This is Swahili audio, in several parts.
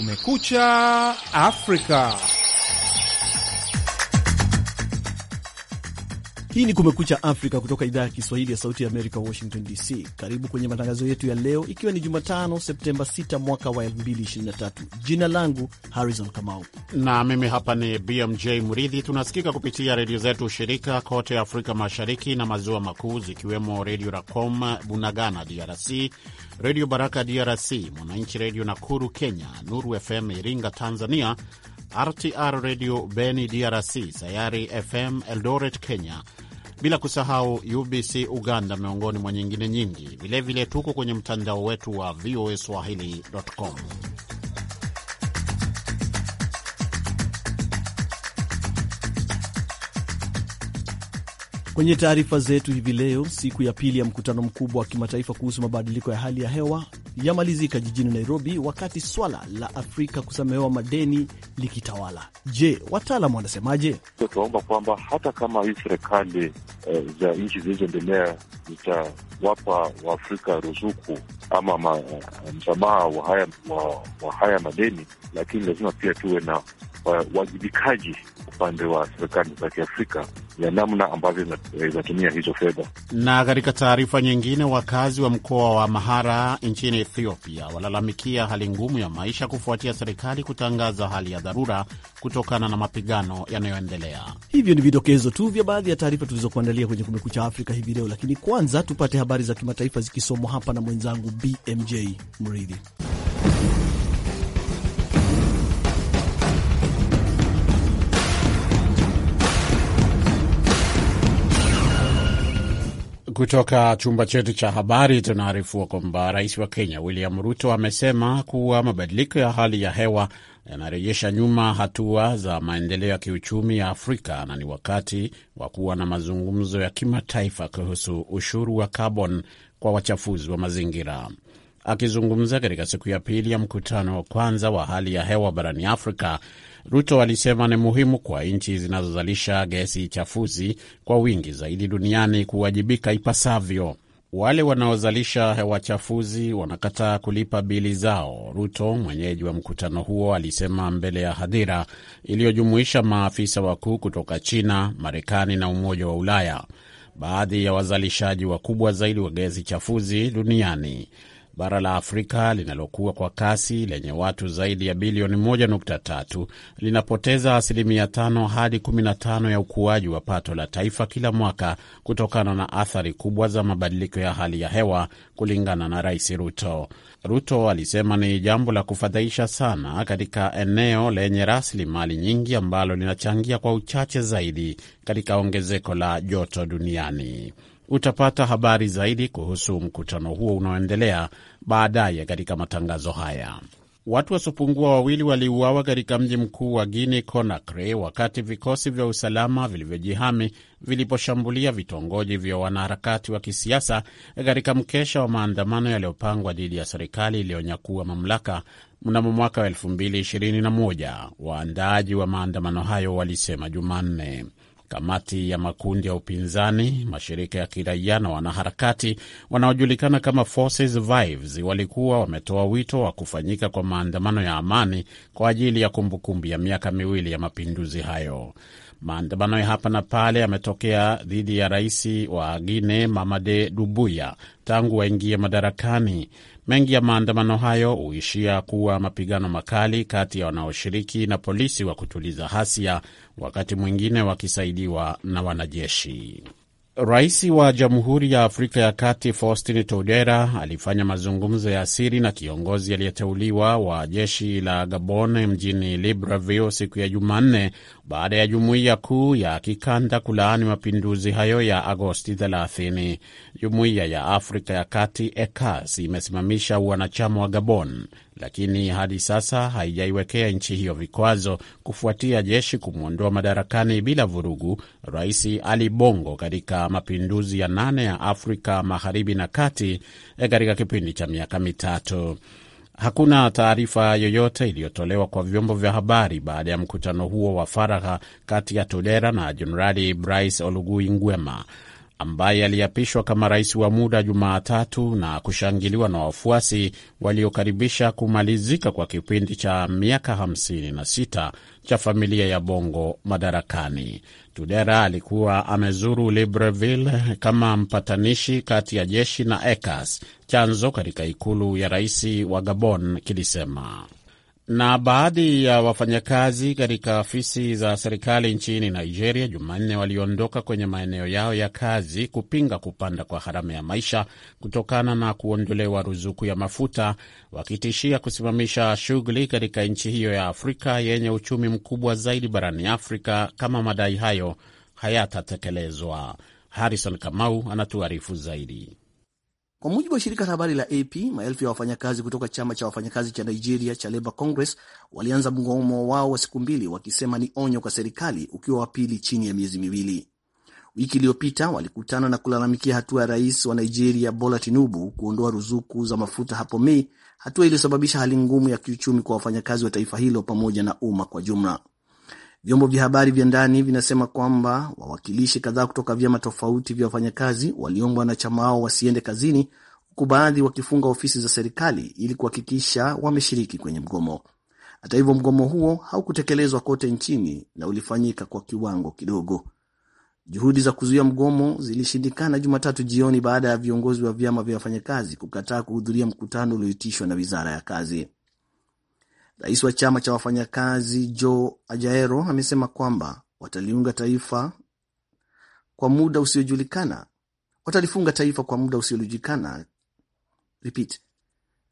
Kumekucha Afrika. Hii ni Kumekucha Afrika kutoka idhaa ya Kiswahili ya Sauti ya Amerika, Washington DC. Karibu kwenye matangazo yetu ya leo, ikiwa ni Jumatano Septemba 6 mwaka wa 2023. Jina langu Harrison Kamau na mimi hapa ni BMJ Muridhi. Tunasikika kupitia redio zetu shirika kote Afrika Mashariki na Maziwa Makuu, zikiwemo Redio Racom Bunagana DRC, Redio Baraka DRC, Mwananchi Redio Nakuru Kenya, Nuru FM Iringa Tanzania, RTR Redio Beni DRC, Sayari FM Eldoret Kenya, bila kusahau UBC Uganda, miongoni mwa nyingine nyingi. Vilevile tuko kwenye mtandao wetu wa VOA Swahili.com. Kwenye taarifa zetu hivi leo, siku ya pili ya mkutano mkubwa wa kimataifa kuhusu mabadiliko ya hali ya hewa yamalizika jijini Nairobi, wakati swala la Afrika kusamehewa madeni likitawala. Je, wataalamu wanasemaje? Tunaomba kwamba hata kama hii serikali e, za nchi zilizoendelea zitawapa Waafrika ruzuku ama ma, eh, msamaha wa haya, wa, wa haya madeni, lakini lazima pia tuwe na eh, wajibikaji upande wa serikali za Kiafrika ya namna ambavyo eh, inatumia hizo fedha. Na katika taarifa nyingine, wakazi wa mkoa wa Mahara nchini Ethiopia walalamikia hali ngumu ya maisha kufuatia serikali kutangaza hali ya dharura kutokana na mapigano yanayoendelea. Hivyo ni vidokezo tu vya baadhi ya taarifa tulizokuandalia kwenye Kumekucha Afrika hivi leo, lakini kwanza tupate habari za kimataifa zikisomwa hapa na mwenzangu BMJ Mridhi. Kutoka chumba chetu cha habari tunaarifua kwamba rais wa Kenya William Ruto amesema kuwa mabadiliko ya hali ya hewa yanarejesha nyuma hatua za maendeleo ya kiuchumi ya Afrika na ni wakati wa kuwa na mazungumzo ya kimataifa kuhusu ushuru wa kaboni kwa wachafuzi wa mazingira. Akizungumza katika siku ya pili ya mkutano wa kwanza wa hali ya hewa barani Afrika, Ruto alisema ni muhimu kwa nchi zinazozalisha gesi chafuzi kwa wingi zaidi duniani kuwajibika ipasavyo. Wale wanaozalisha hewa chafuzi wanakataa kulipa bili zao, Ruto mwenyeji wa mkutano huo alisema mbele ya hadhira iliyojumuisha maafisa wakuu kutoka China, Marekani na Umoja wa Ulaya, baadhi ya wazalishaji wakubwa zaidi wa gesi chafuzi duniani bara la Afrika linalokuwa kwa kasi lenye watu zaidi ya bilioni 1.3 linapoteza asilimia 5 hadi 15 ya ukuaji wa pato la taifa kila mwaka kutokana na athari kubwa za mabadiliko ya hali ya hewa, kulingana na Rais Ruto. Ruto alisema ni jambo la kufadhaisha sana katika eneo lenye rasilimali nyingi ambalo linachangia kwa uchache zaidi katika ongezeko la joto duniani. Utapata habari zaidi kuhusu mkutano huo unaoendelea baadaye katika matangazo haya. Watu wasiopungua wawili waliuawa katika mji mkuu wa Guinea Conakry wakati vikosi vya usalama vilivyojihami viliposhambulia vitongoji vya wanaharakati wa kisiasa katika mkesha wa maandamano yaliyopangwa dhidi ya serikali iliyonyakua mamlaka mnamo mwaka wa 2021, waandaaji wa maandamano hayo walisema Jumanne. Kamati ya makundi ya upinzani, mashirika ya kiraia na wanaharakati wanaojulikana kama Forces Vives walikuwa wametoa wito wa kufanyika kwa maandamano ya amani kwa ajili ya kumbukumbu ya miaka miwili ya mapinduzi hayo. Maandamano ya hapa na pale yametokea dhidi ya rais wa Guine Mamade Dubuya tangu waingie madarakani. Mengi ya maandamano hayo huishia kuwa mapigano makali kati ya wanaoshiriki na polisi wa kutuliza hasia, wakati mwingine wakisaidiwa na wanajeshi. Rais wa Jamhuri ya Afrika ya Kati Faustin Touadera alifanya mazungumzo ya siri na kiongozi aliyeteuliwa wa jeshi la Gabon mjini Libreville siku ya Jumanne baada ya jumuiya kuu ya kikanda kulaani mapinduzi hayo ya Agosti 30. Jumuiya ya Afrika ya Kati ECAS imesimamisha uanachama wa Gabon lakini hadi sasa haijaiwekea nchi hiyo vikwazo kufuatia jeshi kumwondoa madarakani bila vurugu Rais Ali Bongo katika mapinduzi ya nane ya Afrika Magharibi na Kati eh, katika kipindi cha miaka mitatu. Hakuna taarifa yoyote iliyotolewa kwa vyombo vya habari baada ya mkutano huo wa faragha kati ya tudera na Jenerali Brice Oligui Nguema ambaye aliapishwa kama rais wa muda Jumatatu na kushangiliwa na wafuasi waliokaribisha kumalizika kwa kipindi cha miaka 56 cha familia ya Bongo madarakani. Tudera alikuwa amezuru Libreville kama mpatanishi kati ya jeshi na ECAS, chanzo katika ikulu ya rais wa Gabon kilisema. Na baadhi ya wafanyakazi katika afisi za serikali nchini Nigeria Jumanne waliondoka kwenye maeneo yao ya kazi kupinga kupanda kwa gharama ya maisha kutokana na kuondolewa ruzuku ya mafuta, wakitishia kusimamisha shughuli katika nchi hiyo ya Afrika yenye uchumi mkubwa zaidi barani Afrika kama madai hayo hayatatekelezwa. Harrison Kamau anatuarifu zaidi. Kwa mujibu wa shirika la habari la AP, maelfu ya wafanyakazi kutoka chama cha wafanyakazi cha Nigeria cha Labour Congress walianza mgomo wao wa siku mbili wakisema ni onyo kwa serikali, ukiwa wa pili chini ya miezi miwili. Wiki iliyopita walikutana na kulalamikia hatua ya rais wa Nigeria Bola Tinubu kuondoa ruzuku za mafuta hapo Mei, hatua iliyosababisha hali ngumu ya kiuchumi kwa wafanyakazi wa taifa hilo pamoja na umma kwa jumla. Vyombo vya habari vya ndani vinasema kwamba wawakilishi kadhaa kutoka vyama tofauti vya wafanyakazi waliomba wanachama wao wasiende kazini, huku baadhi wakifunga ofisi za serikali ili kuhakikisha wameshiriki kwenye mgomo. Hata hivyo, mgomo huo haukutekelezwa kote nchini na ulifanyika kwa kiwango kidogo. Juhudi za kuzuia mgomo zilishindikana Jumatatu jioni baada ya viongozi wa vyama vya wafanyakazi kukataa kuhudhuria mkutano ulioitishwa na wizara ya kazi. Rais wa chama cha wafanyakazi Joe Ajaero amesema kwamba wataliunga taifa kwa muda usiojulikana, watalifunga taifa kwa muda usiojulikana. Repeat.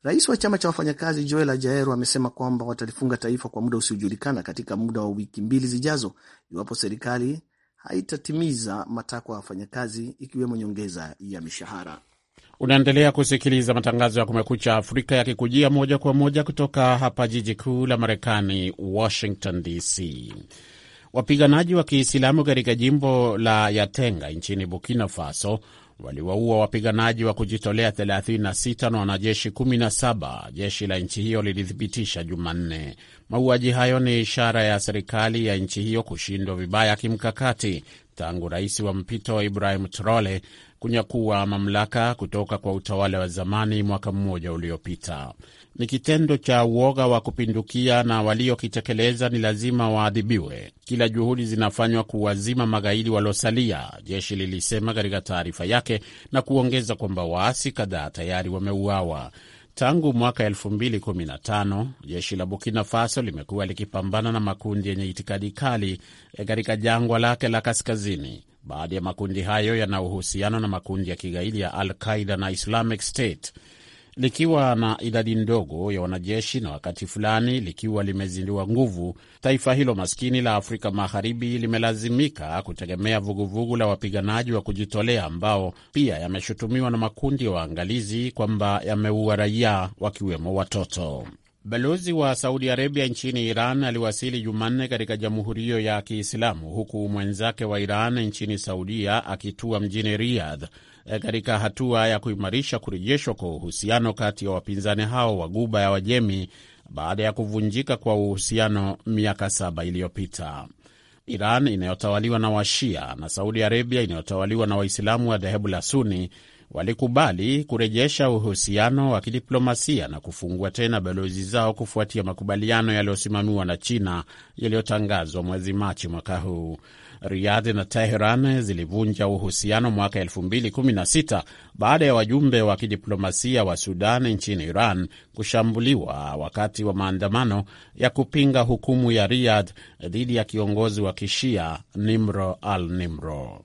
Rais wa chama cha wafanyakazi Joel Ajaero amesema kwamba watalifunga taifa kwa muda usiojulikana katika muda wa wiki mbili zijazo iwapo serikali haitatimiza matakwa ya wafanyakazi ikiwemo nyongeza ya mishahara. Unaendelea kusikiliza matangazo ya Kumekucha Afrika yakikujia moja kwa moja kutoka hapa jiji kuu la Marekani, Washington DC. Wapiganaji wa Kiislamu katika jimbo la Yatenga nchini Burkina Faso waliwaua wapiganaji wa kujitolea 36 na wanajeshi 17, jeshi la nchi hiyo lilithibitisha Jumanne. Mauaji hayo ni ishara ya serikali ya nchi hiyo kushindwa vibaya kimkakati tangu rais wa mpito Ibrahim Traore kunyakua mamlaka kutoka kwa utawala wa zamani mwaka mmoja uliopita. Ni kitendo cha uoga wa kupindukia na waliokitekeleza ni lazima waadhibiwe. Kila juhudi zinafanywa kuwazima magaidi waliosalia, jeshi lilisema katika taarifa yake, na kuongeza kwamba waasi kadhaa tayari wameuawa. Tangu mwaka 2015 jeshi la Burkina Faso limekuwa likipambana na makundi yenye itikadi kali eh, katika jangwa lake la kaskazini. Baadhi ya makundi hayo yana uhusiano na makundi ya kigaidi ya Al Qaida na Islamic State likiwa na idadi ndogo ya wanajeshi na wakati fulani likiwa limezindiwa nguvu, taifa hilo maskini la Afrika Magharibi limelazimika kutegemea vuguvugu la wapiganaji wa kujitolea ambao pia yameshutumiwa na makundi ya waangalizi kwamba yameua raia wakiwemo watoto. Balozi wa Saudi Arabia nchini Iran aliwasili Jumanne katika jamhuri hiyo ya Kiislamu, huku mwenzake wa Iran nchini Saudia akitua mjini Riyadh e, katika hatua ya kuimarisha kurejeshwa kwa uhusiano kati ya wapinzani hao wa guba ya Wajemi baada ya kuvunjika kwa uhusiano miaka saba iliyopita. Iran inayotawaliwa na Washia na Saudi Arabia inayotawaliwa na Waislamu wa dhehebu la Suni walikubali kurejesha uhusiano wa kidiplomasia na kufungua tena balozi zao kufuatia makubaliano yaliyosimamiwa na China yaliyotangazwa mwezi Machi mwaka huu. riad na Teheran zilivunja uhusiano mwaka 2016 baada ya wajumbe wa kidiplomasia wa Sudan nchini Iran kushambuliwa wakati wa maandamano ya kupinga hukumu ya riad dhidi ya kiongozi wa Kishia Nimro al Nimro.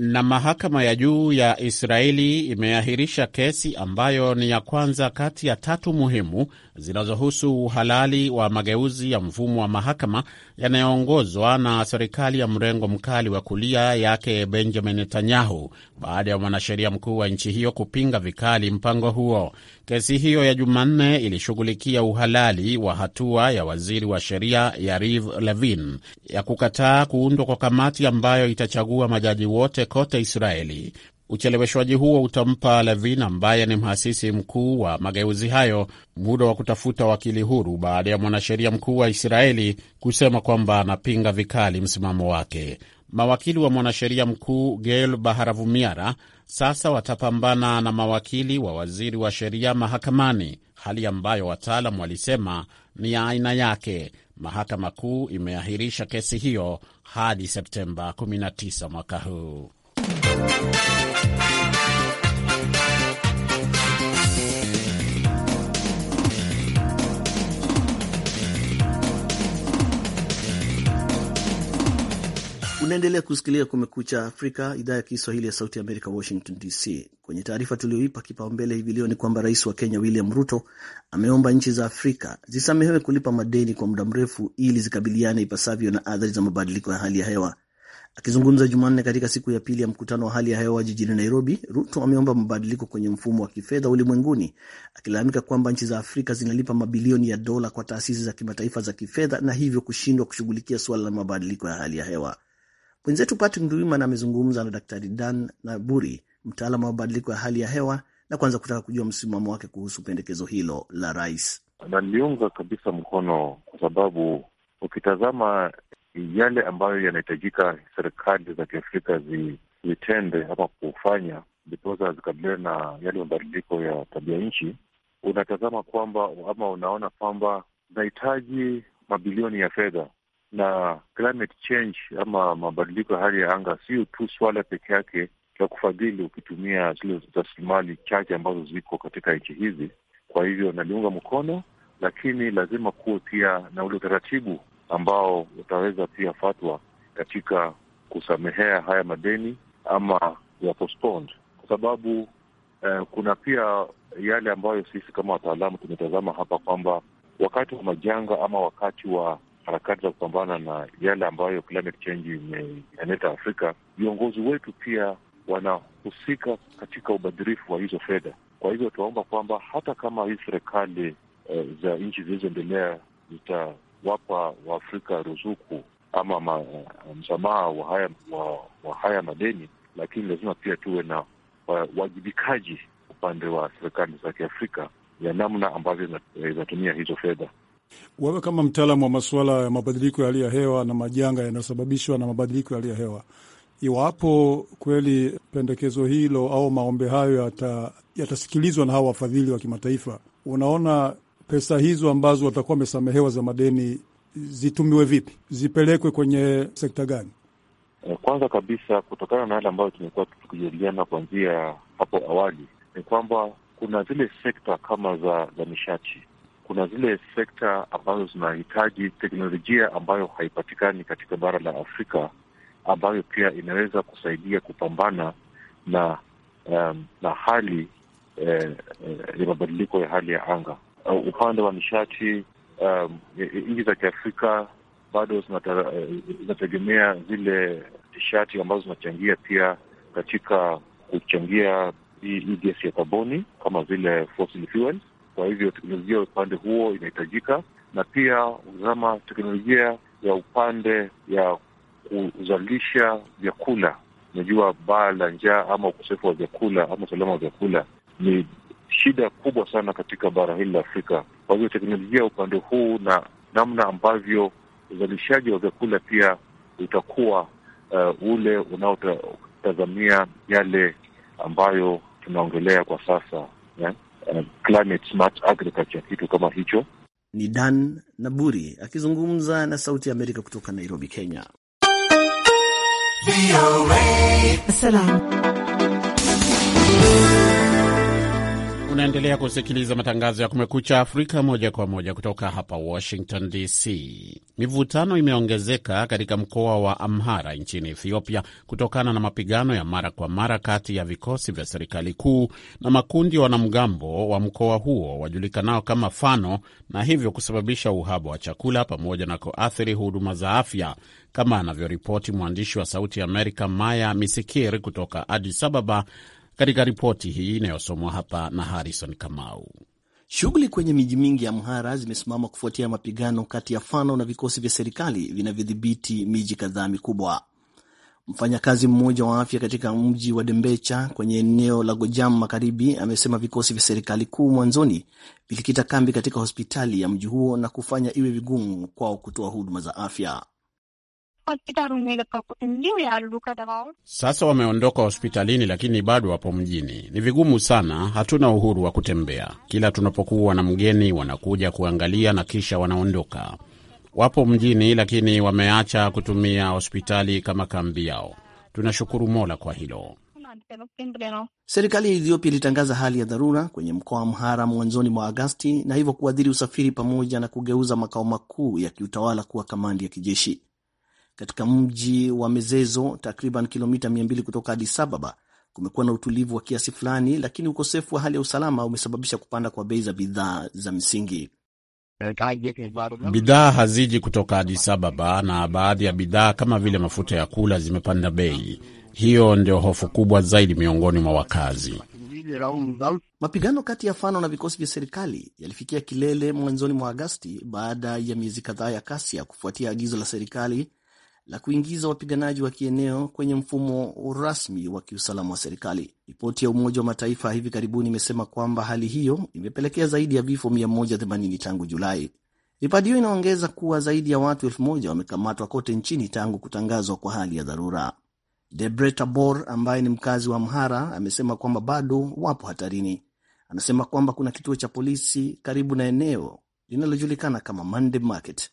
Na mahakama ya juu ya Israeli imeahirisha kesi ambayo ni ya kwanza kati ya tatu muhimu zinazohusu uhalali wa mageuzi ya mfumo wa mahakama yanayoongozwa na serikali ya mrengo mkali wa kulia yake Benjamin Netanyahu baada ya mwanasheria mkuu wa nchi hiyo kupinga vikali mpango huo. Kesi hiyo ya Jumanne ilishughulikia uhalali wa hatua ya waziri wa sheria Yariv Levin ya kukataa kuundwa kwa kamati ambayo itachagua majaji wote kote Israeli. Ucheleweshwaji huo utampa Levin, ambaye ni mhasisi mkuu wa mageuzi hayo, muda wa kutafuta wakili huru baada ya mwanasheria mkuu wa Israeli kusema kwamba anapinga vikali msimamo wake. Mawakili wa mwanasheria mkuu gel Baharavumiara sasa watapambana na mawakili wa waziri wa sheria mahakamani, hali ambayo wataalam walisema ni ya aina yake. Mahakama Kuu imeahirisha kesi hiyo hadi Septemba 19 mwaka huu. Unaendelea kumekuu Kumekucha Afrika, idhaa ya Kiswahili ya Sauti ya Amerika, Washington DC. Kwenye taarifa tulioipa kipaumbele hivi leo ni kwamba rais wa Kenya William Ruto ameomba nchi za Afrika zisamehewe kulipa madeni kwa muda mrefu ili zikabiliane ipasavyo na athari za mabadiliko ya hali ya hewa Akizungumza Jumanne katika siku ya pili ya mkutano wa hali ya hewa jijini Nairobi, Ruto ameomba mabadiliko kwenye mfumo wa kifedha ulimwenguni, akilalamika kwamba nchi za Afrika zinalipa mabilioni ya dola kwa taasisi za kimataifa za kifedha na hivyo kushindwa kushughulikia suala la mabadiliko ya hali ya hewa. Mwenzetu Patrick Nduwimana amezungumza na Daktari Dan Naburi, mtaalamu wa mabadiliko ya hali ya hewa, na kwanza kutaka kujua msimamo wake kuhusu pendekezo hilo la rais. Naliunga kabisa mkono kwa sababu ukitazama yale ambayo yanahitajika serikali za Kiafrika zitende ama kufanya ndiposa zikabiliana na yale mabadiliko ya tabia nchi, unatazama kwamba ama unaona kwamba zinahitaji mabilioni ya fedha na climate change ama mabadiliko ya hali ya anga sio tu swala peke yake la kufadhili ukitumia zile rasilimali chache ambazo ziko katika nchi hizi. Kwa hivyo naliunga mkono, lakini lazima kuwe pia na ule utaratibu ambao utaweza pia fatwa katika kusamehea haya madeni ama ya postponed, kwa sababu eh, kuna pia yale ambayo sisi kama wataalamu tumetazama hapa kwamba wakati wa majanga ama wakati wa harakati za kupambana na yale ambayo climate change imeleta Afrika, viongozi wetu pia wanahusika katika ubadhirifu wa hizo fedha. Kwa hivyo tunaomba kwamba hata kama hii serikali eh, za nchi zilizoendelea zita kuwapa Waafrika ruzuku ama ma, msamaha wa haya, wa, wa haya madeni, lakini lazima pia tuwe na wajibikaji upande wa serikali za Kiafrika ya namna ambavyo inatumia hizo fedha. Wewe kama mtaalamu wa masuala ya mabadiliko ya hali ya hewa na majanga yanayosababishwa na mabadiliko ya hali ya hewa, iwapo kweli pendekezo hilo au maombe hayo yatasikilizwa yata na hawa wafadhili wa kimataifa, unaona pesa hizo ambazo watakuwa wamesamehewa za madeni zitumiwe vipi? Zipelekwe kwenye sekta gani? Eh, kwanza kabisa, kutokana na yale ambayo tumekuwa tukijadiliana kuanzia hapo awali, ni kwamba kuna zile sekta kama za, za nishati, kuna zile sekta ambazo zinahitaji teknolojia ambayo haipatikani katika bara la Afrika, ambayo pia inaweza kusaidia kupambana na um, na hali eh, eh, ya mabadiliko ya hali ya anga uh, upande wa nishati um, nchi za Kiafrika bado uh, zinategemea zile nishati ambazo zinachangia pia katika kuchangia hii gesi ya kaboni kama vile fossil Kwa hivyo teknolojia ya upande huo inahitajika, na pia ukizama teknolojia ya upande ya kuzalisha vyakula, unajua baa la njaa ama ukosefu wa vyakula ama usalama wa vyakula ni shida kubwa sana katika bara hili la Afrika. Kwa hivyo teknolojia upande huu na namna ambavyo uzalishaji wa vyakula pia utakuwa uh, ule unaotazamia yale ambayo tunaongelea kwa sasa yeah? uh, climate smart agriculture, kitu kama hicho. Ni Dan Naburi akizungumza na Sauti ya Amerika kutoka Nairobi, Kenya. Salam. Unaendelea kusikiliza matangazo ya Kumekucha Afrika moja kwa moja kutoka hapa Washington DC. Mivutano imeongezeka katika mkoa wa Amhara nchini Ethiopia kutokana na mapigano ya mara kwa mara kati ya vikosi vya serikali kuu na makundi ya wanamgambo wa mkoa huo wajulikanao kama Fano, na hivyo kusababisha uhaba wa chakula pamoja na kuathiri huduma za afya, kama anavyoripoti mwandishi wa Sauti Amerika Maya misikir kutoka adis Ababa katika ripoti hii inayosomwa hapa na Harrison Kamau. Shughuli kwenye miji mingi ya mhara zimesimama kufuatia mapigano kati ya Fano na vikosi vya serikali vinavyodhibiti miji kadhaa mikubwa. Mfanyakazi mmoja wa afya katika mji wa Dembecha kwenye eneo la Gojam Magharibi amesema vikosi vya serikali kuu mwanzoni vilikita kambi katika hospitali ya mji huo na kufanya iwe vigumu kwao kutoa huduma za afya. ሆስፒታሉን የለቀቁት እንዲሁ ያሉ sasa wameondoka hospitalini, lakini bado wapo mjini. Ni vigumu sana, hatuna uhuru wa kutembea. Kila tunapokuwa na mgeni wanakuja kuangalia na kisha wanaondoka. Wapo mjini, lakini wameacha kutumia hospitali kama kambi yao. Tunashukuru Mola kwa hilo. Serikali ya Ethiopia ilitangaza hali ya dharura kwenye mkoa wa Amhara mwanzoni mwa Agasti na hivyo kuadhiri usafiri pamoja na kugeuza makao makuu ya kiutawala kuwa kamandi ya kijeshi. Katika mji wa Mezezo, takriban kilomita 200 kutoka Addis Ababa, kumekuwa na utulivu wa kiasi fulani, lakini ukosefu wa hali ya usalama umesababisha kupanda kwa bei za bidhaa za msingi. Bidhaa haziji kutoka Addis Ababa na baadhi ya bidhaa kama vile mafuta ya kula zimepanda bei. Hiyo ndio hofu kubwa zaidi miongoni mwa wakazi. Mapigano kati ya Fano na vikosi vya serikali yalifikia kilele mwanzoni mwa Agasti baada ya miezi kadhaa ya kasia kufuatia agizo la serikali la kuingiza wapiganaji wa kieneo kwenye mfumo rasmi wa kiusalama wa serikali. Ripoti ya Umoja wa Mataifa hivi karibuni imesema kwamba hali hiyo imepelekea zaidi ya vifo 180 tangu Julai. Ripoti hiyo inaongeza kuwa zaidi ya watu elfu moja wamekamatwa kote nchini tangu kutangazwa kwa hali ya dharura. Debre Tabor ambaye ni mkazi wa mhara amesema kwamba bado wapo hatarini. Anasema kwamba kuna kituo cha polisi karibu na eneo linalojulikana kama Mande Market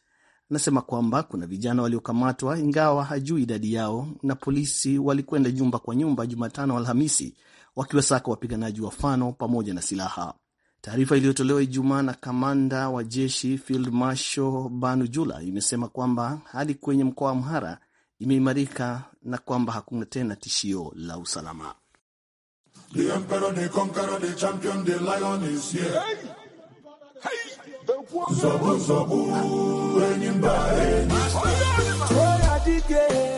Anasema kwamba kuna vijana waliokamatwa ingawa hajui idadi yao, na polisi walikwenda nyumba kwa nyumba Jumatano Alhamisi wakiwasaka wapiganaji wa Fano pamoja na silaha. Taarifa iliyotolewa Ijumaa na kamanda wa jeshi Field Marshal Banu Jula imesema kwamba hali kwenye mkoa wa Amhara imeimarika na kwamba hakuna tena tishio la usalama. Nyumbani. Nyumbani.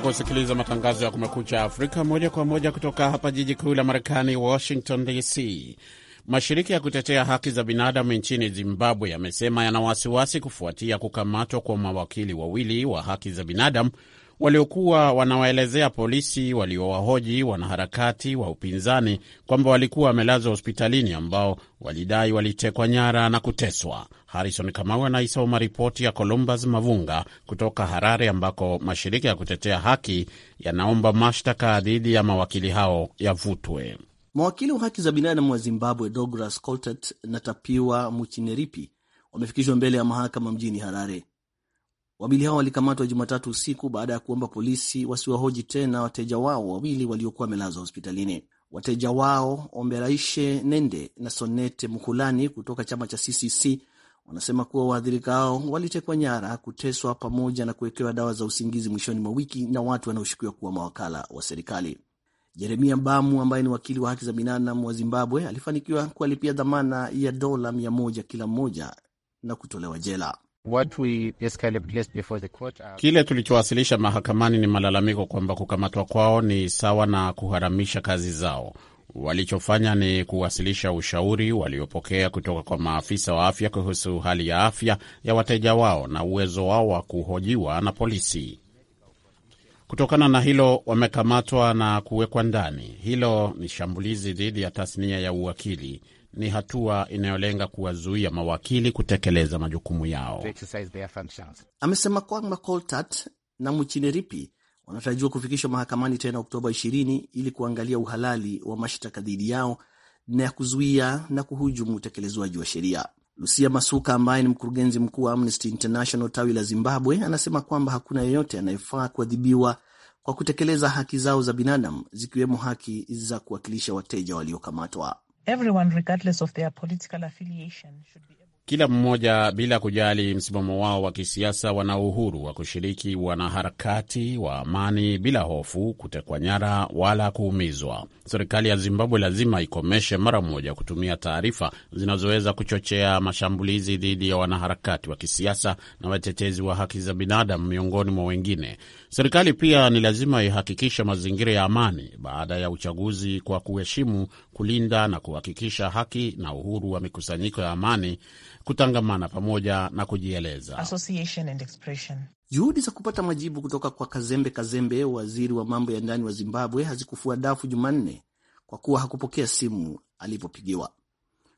Unaendelea kusikiliza matangazo ya Kumekucha Afrika moja kwa moja kutoka hapa jiji kuu la Marekani, Washington DC. Mashirika ya kutetea haki za binadamu nchini Zimbabwe yamesema yana wasiwasi kufuatia kukamatwa kwa mawakili wawili wa haki za binadamu waliokuwa wanawaelezea polisi waliowahoji wanaharakati wa upinzani kwamba walikuwa wamelazwa hospitalini ambao walidai walitekwa nyara na kuteswa. Harrison Kamau anaisoma ripoti ya Columbus Mavunga kutoka Harare, ambako mashirika ya kutetea haki yanaomba mashtaka dhidi ya mawakili hao yavutwe. Mawakili wa haki za binadamu wa Zimbabwe Douglas Coltet na Tapiwa Muchineripi wamefikishwa mbele ya mahakama mjini Harare. Wawili hao walikamatwa Jumatatu usiku baada ya kuomba polisi wasiwahoji tena wateja wao wawili waliokuwa wamelazwa hospitalini. Wateja wao Omberaishe Nende na Sonete Mukulani kutoka chama cha CCC wanasema kuwa waathirika hao walitekwa nyara, kuteswa, pamoja na kuwekewa dawa za usingizi mwishoni mwa wiki na watu wanaoshukiwa kuwa mawakala wa serikali. Jeremia Bamu ambaye ni wakili wa haki za binadamu wa Zimbabwe alifanikiwa kuwalipia dhamana ya dola mia moja kila mmoja na kutolewa jela. Kile tulichowasilisha mahakamani ni malalamiko kwamba kukamatwa kwao ni sawa na kuharamisha kazi zao. Walichofanya ni kuwasilisha ushauri waliopokea kutoka kwa maafisa wa afya kuhusu hali ya afya ya wateja wao na uwezo wao wa kuhojiwa na polisi. Kutokana na hilo, wamekamatwa na kuwekwa ndani. Hilo ni shambulizi dhidi ya tasnia ya uwakili ni hatua inayolenga kuwazuia mawakili kutekeleza majukumu yao. Amesema kwamba Coltat na Mchineripi wanatarajiwa kufikishwa mahakamani tena Oktoba 20 ili kuangalia uhalali wa mashtaka dhidi yao na ya kuzuia na kuhujumu utekelezwaji wa sheria. Lucia Masuka ambaye ni mkurugenzi mkuu wa Amnesty International tawi la Zimbabwe anasema kwamba hakuna yeyote anayefaa kuadhibiwa kwa kutekeleza haki zao za binadamu zikiwemo haki za kuwakilisha wateja waliokamatwa. Everyone, regardless of their political affiliation, should be able... Kila mmoja bila kujali msimamo wao wa kisiasa, wana uhuru wa kushiriki wanaharakati wa amani bila hofu kutekwa nyara wala kuumizwa. Serikali ya Zimbabwe lazima ikomeshe mara moja kutumia taarifa zinazoweza kuchochea mashambulizi dhidi ya wanaharakati wa kisiasa na watetezi wa haki za binadamu miongoni mwa wengine. Serikali pia ni lazima ihakikishe mazingira ya amani baada ya uchaguzi kwa kuheshimu kulinda na kuhakikisha haki na uhuru wa mikusanyiko ya amani kutangamana pamoja na kujieleza. Juhudi za kupata majibu kutoka kwa Kazembe Kazembe, waziri wa mambo ya ndani wa Zimbabwe, hazikufua dafu Jumanne kwa kuwa hakupokea simu alipopigiwa.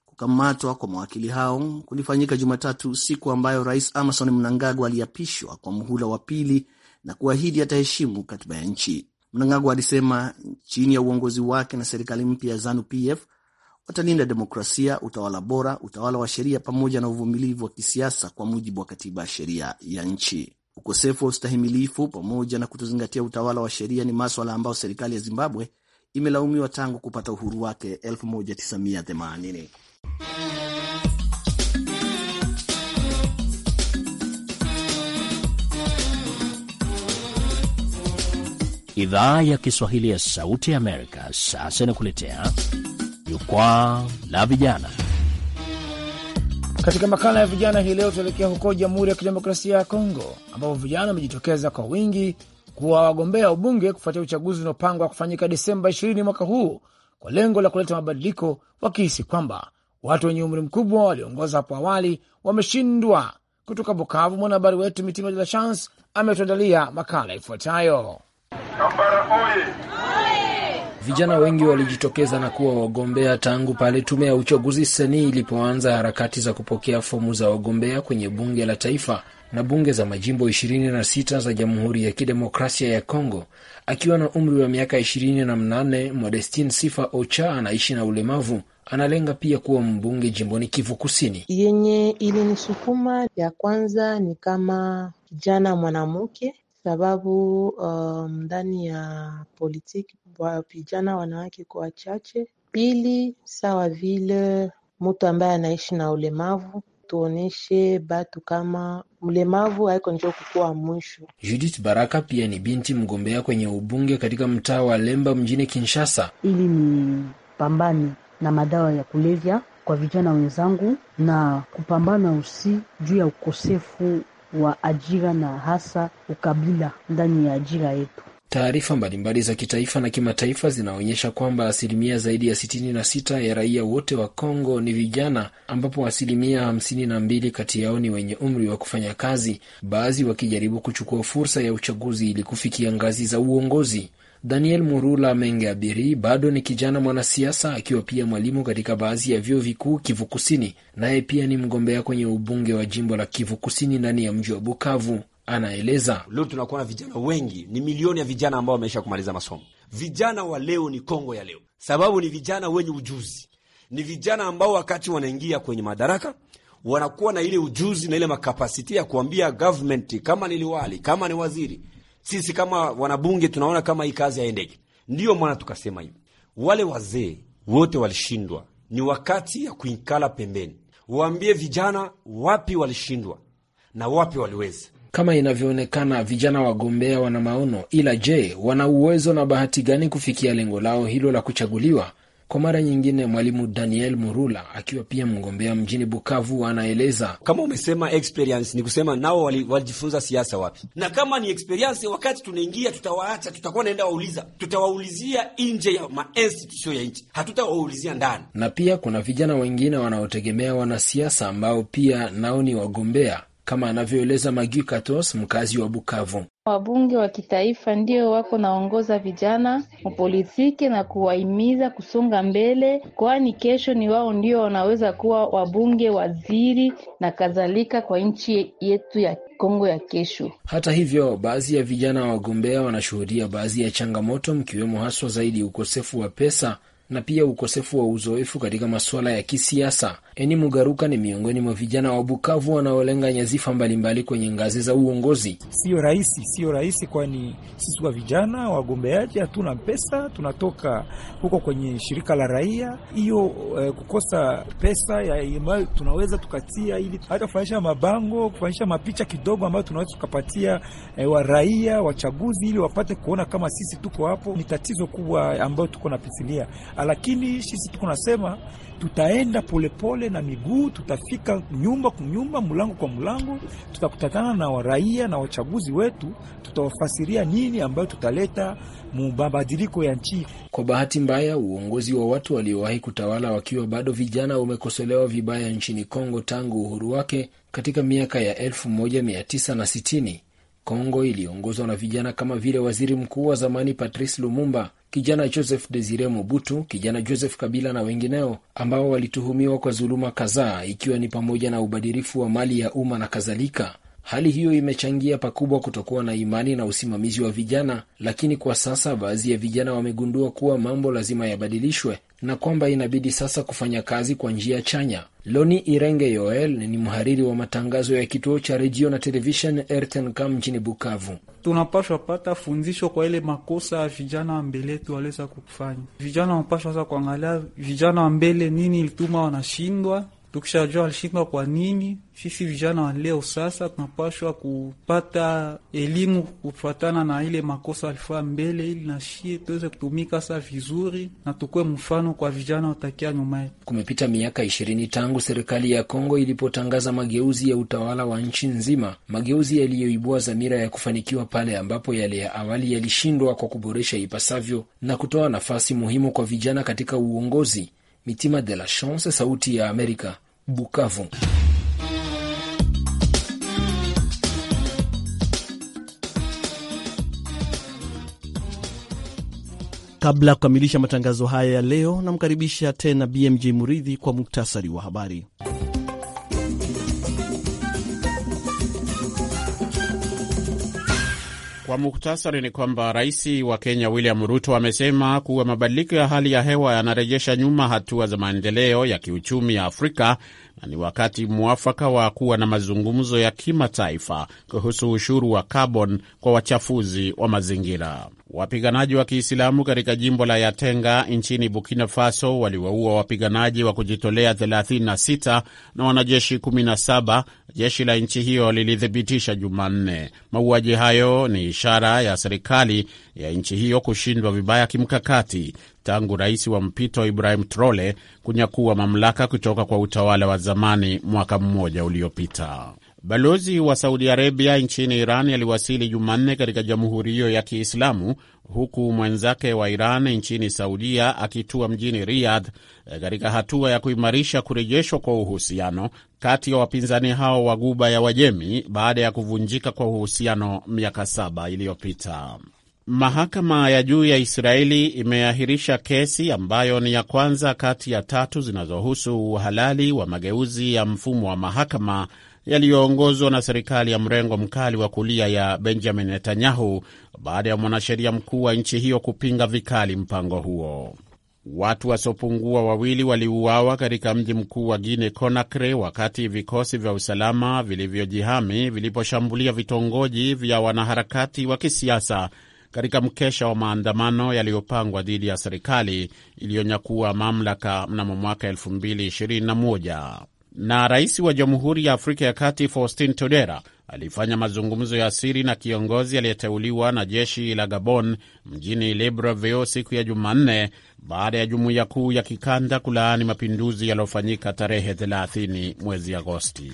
Kukamatwa kwa mawakili hao kulifanyika Jumatatu, siku ambayo Rais Emmerson Mnangagwa aliapishwa kwa muhula wa pili na kuahidi ataheshimu katiba ya nchi. Mnangagwa alisema chini ya uongozi wake na serikali mpya ya ZANU-PF watalinda demokrasia, utawala bora, utawala wa sheria pamoja na uvumilivu wa kisiasa kwa mujibu wa katiba ya sheria ya nchi. Ukosefu wa ustahimilifu pamoja na kutozingatia utawala wa sheria ni maswala ambayo serikali ya Zimbabwe imelaumiwa tangu kupata uhuru wake 1980. Idhaa ya Kiswahili ya Sauti ya Amerika sasa inakuletea Jukwaa la Vijana. Katika makala ya vijana hii leo, tuelekea huko Jamhuri ya Kidemokrasia ya Kongo, ambapo vijana wamejitokeza kwa wingi kuwa wagombea ubunge kufuatia uchaguzi unaopangwa kufanyika Desemba 20 mwaka huu kwa lengo la kuleta mabadiliko, wakihisi kwamba watu wenye umri mkubwa waliongoza hapo awali wameshindwa. Kutoka Bukavu, mwanahabari wetu Mitima De La Chance ametuandalia makala ifuatayo oye! Vijana wengi walijitokeza na kuwa wagombea tangu pale tume ya uchaguzi seni ilipoanza harakati za kupokea fomu za wagombea kwenye bunge la taifa na bunge za majimbo 26 za Jamhuri ya Kidemokrasia ya Kongo. Akiwa na umri wa miaka 28, Modestin Sifa Ocha anaishi na ulemavu analenga pia kuwa mbunge jimboni Kivu Kusini. Yenye ilinisukuma ya kwanza ni kama kijana mwanamke sababu um, ndani um, ya politiki vijana wanawake kwa wachache. Pili, sawa vile mtu ambaye anaishi na ulemavu tuonyeshe batu kama mlemavu haiko njo kukuwa mwisho. Judith Baraka pia ni binti mgombea kwenye ubunge katika mtaa wa Lemba mjini Kinshasa. Ili ni pambane na madawa ya kulevya kwa vijana wenzangu na kupambana usi juu ya ukosefu wa ajira na hasa ukabila ndani ya ajira yetu. Taarifa mbalimbali za kitaifa na kimataifa zinaonyesha kwamba asilimia zaidi ya 66 ya raia wote wa Kongo ni vijana, ambapo asilimia 52 kati yao ni wenye umri wa kufanya kazi, baadhi wakijaribu kuchukua fursa ya uchaguzi ili kufikia ngazi za uongozi. Daniel Murula Menge Abiri bado ni kijana mwanasiasa, akiwa pia mwalimu katika baadhi ya vyuo vikuu Kivu Kusini. Naye pia ni mgombea kwenye ubunge wa jimbo la Kivu Kusini ndani ya mji wa Bukavu. Anaeleza, leo tunakuwa na vijana wengi, ni milioni ya vijana ambao wameisha kumaliza masomo. Vijana wa leo ni Kongo ya leo, sababu ni vijana wenye ujuzi, ni vijana ambao wakati wanaingia kwenye madaraka wanakuwa na ile ujuzi na ile makapasiti ya kuambia government, kama ni liwali, kama ni waziri sisi kama wanabunge tunaona kama hii kazi haendeki. Ndiyo maana tukasema hivi, wale wazee wote walishindwa, ni wakati ya kuikala pembeni, waambie vijana wapi walishindwa na wapi waliweza. Kama inavyoonekana vijana wagombea wana maono, ila je, wana uwezo na bahati gani kufikia lengo lao hilo la kuchaguliwa? Kwa mara nyingine, mwalimu Daniel Murula akiwa pia mgombea mjini Bukavu anaeleza kama umesema experience, ni kusema nao walijifunza wali siasa wapi, na kama ni experience, wakati tunaingia tutawaacha, tutakuwa naenda wauliza, tutawaulizia nje ya mainstitution ya nchi, hatutawaulizia ndani. Na pia kuna vijana wengine wanaotegemea wanasiasa ambao pia nao ni wagombea kama anavyoeleza Magi Katos, mkazi wa Bukavu. Wabunge wa kitaifa ndio wako naongoza vijana mupolitiki na kuwahimiza kusonga mbele, kwani kesho ni wao ndio wanaweza kuwa wabunge, waziri na kadhalika kwa nchi yetu ya Kongo ya kesho. Hata hivyo, baadhi ya vijana wagombea wanashuhudia baadhi ya changamoto, mkiwemo haswa zaidi ukosefu wa pesa na pia ukosefu wa uzoefu katika masuala ya kisiasa. Eni Mugaruka ni miongoni mwa vijana wa Bukavu wanaolenga nyazifa mbalimbali mbali kwenye ngazi za uongozi. Sio rahisi, sio rahisi, kwani sisi wa vijana wagombeaji hatuna pesa, tunatoka huko kwenye shirika la raia. Hiyo eh, kukosa pesa ya ambayo tunaweza tukatia, ili hata kufanyisha mabango, kufanyisha mapicha kidogo ambayo tunaweza tukapatia eh, wa raia wachaguzi, ili wapate kuona kama sisi tuko hapo, ni tatizo kubwa ambayo tuko napitilia lakini sisi tuko nasema tutaenda polepole na miguu, tutafika nyumba kwa nyumba, mlango kwa mlango, tutakutana na waraia na wachaguzi wetu, tutawafasiria nini ambayo tutaleta mabadiliko ya nchi. Kwa bahati mbaya, uongozi wa watu waliowahi kutawala wakiwa bado vijana umekosolewa vibaya nchini Kongo tangu uhuru wake katika miaka ya 1960. Kongo iliongozwa na vijana kama vile waziri mkuu wa zamani Patrice Lumumba, kijana Joseph Desire Mobutu, kijana Joseph Kabila na wengineo ambao walituhumiwa kwa dhuluma kadhaa, ikiwa ni pamoja na ubadhirifu wa mali ya umma na kadhalika. Hali hiyo imechangia pakubwa kutokuwa na imani na usimamizi wa vijana, lakini kwa sasa baadhi ya vijana wamegundua kuwa mambo lazima yabadilishwe na kwamba inabidi sasa kufanya kazi kwa njia chanya. Loni Irenge Yoel ni mhariri wa matangazo ya kituo cha redio na televishen RTNK mjini Bukavu. tunapashwa pata fundisho kwa ile makosa ya vijana wa mbele yetu waliweza kufanya. Vijana wanapashwa sasa kuangalia vijana wa mbele, nini ilituma wanashindwa Tukishajua alishindwa kwa nini, sisi vijana waleo leo sasa tunapashwa kupata elimu kufuatana na ile makosa alifaa mbele, ili nashie tuweze kutumika sa vizuri na tukuwe mfano kwa vijana watakia nyuma yetu. Kumepita miaka ishirini tangu serikali ya Kongo ilipotangaza mageuzi ya utawala wa nchi nzima, mageuzi yaliyoibua dhamira ya kufanikiwa pale ambapo yale ya awali yalishindwa, kwa kuboresha ipasavyo na kutoa nafasi muhimu kwa vijana katika uongozi. Mitima de la Chance, Sauti ya Amerika, Bukavu. Kabla ya kukamilisha matangazo haya ya leo, namkaribisha tena BMJ Muridhi kwa muktasari wa habari. Kwa muktasari ni kwamba rais wa Kenya William Ruto amesema kuwa mabadiliko ya hali ya hewa yanarejesha nyuma hatua za maendeleo ya kiuchumi ya Afrika ni wakati mwafaka wa kuwa na mazungumzo ya kimataifa kuhusu ushuru wa kaboni kwa wachafuzi wa mazingira. Wapiganaji wa Kiislamu katika jimbo la Yatenga nchini Burkina Faso waliwaua wapiganaji wa kujitolea 36 na wanajeshi 17, jeshi la nchi hiyo lilithibitisha Jumanne. Mauaji hayo ni ishara ya serikali ya nchi hiyo kushindwa vibaya kimkakati tangu rais wa mpito Ibrahim Traore kunyakua mamlaka kutoka kwa utawala wa zamani mwaka mmoja uliopita. Balozi wa Saudi Arabia nchini Iran aliwasili Jumanne katika jamhuri hiyo ya Kiislamu, huku mwenzake wa Iran nchini Saudia akitua mjini Riyadh eh, katika hatua ya kuimarisha kurejeshwa kwa uhusiano kati ya wapinzani hao wa guba ya Wajemi baada ya kuvunjika kwa uhusiano miaka saba iliyopita. Mahakama ya juu ya Israeli imeahirisha kesi ambayo ni ya kwanza kati ya tatu zinazohusu uhalali wa mageuzi ya mfumo wa mahakama yaliyoongozwa na serikali ya mrengo mkali wa kulia ya Benjamin Netanyahu baada ya mwanasheria mkuu wa nchi hiyo kupinga vikali mpango huo. Watu wasiopungua wawili waliuawa katika mji mkuu wa Guinea Conakry wakati vikosi vya usalama vilivyojihami viliposhambulia vitongoji vya wanaharakati wa kisiasa katika mkesha wa maandamano yaliyopangwa dhidi ya serikali iliyonyakua mamlaka mnamo mwaka 2021. Na rais wa Jamhuri ya Afrika ya Kati Faustin Todera alifanya mazungumzo ya siri na kiongozi aliyeteuliwa na jeshi la Gabon mjini Libreville siku ya Jumanne baada ya jumuiya kuu ya kikanda kulaani mapinduzi yaliyofanyika tarehe 30 mwezi Agosti.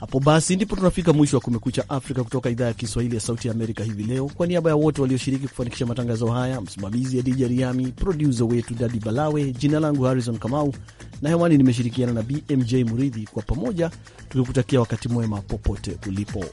Hapo basi ndipo tunafika mwisho wa Kumekucha Afrika kutoka idhaa ya Kiswahili ya Sauti ya Amerika hivi leo. Kwa niaba ya wote walioshiriki kufanikisha matangazo haya, msimamizi Adija Riami, produsa wetu Dadi Balawe, jina langu Harrison Kamau na hewani nimeshirikiana na BMJ Muridhi, kwa pamoja tukikutakia wakati mwema popote ulipo.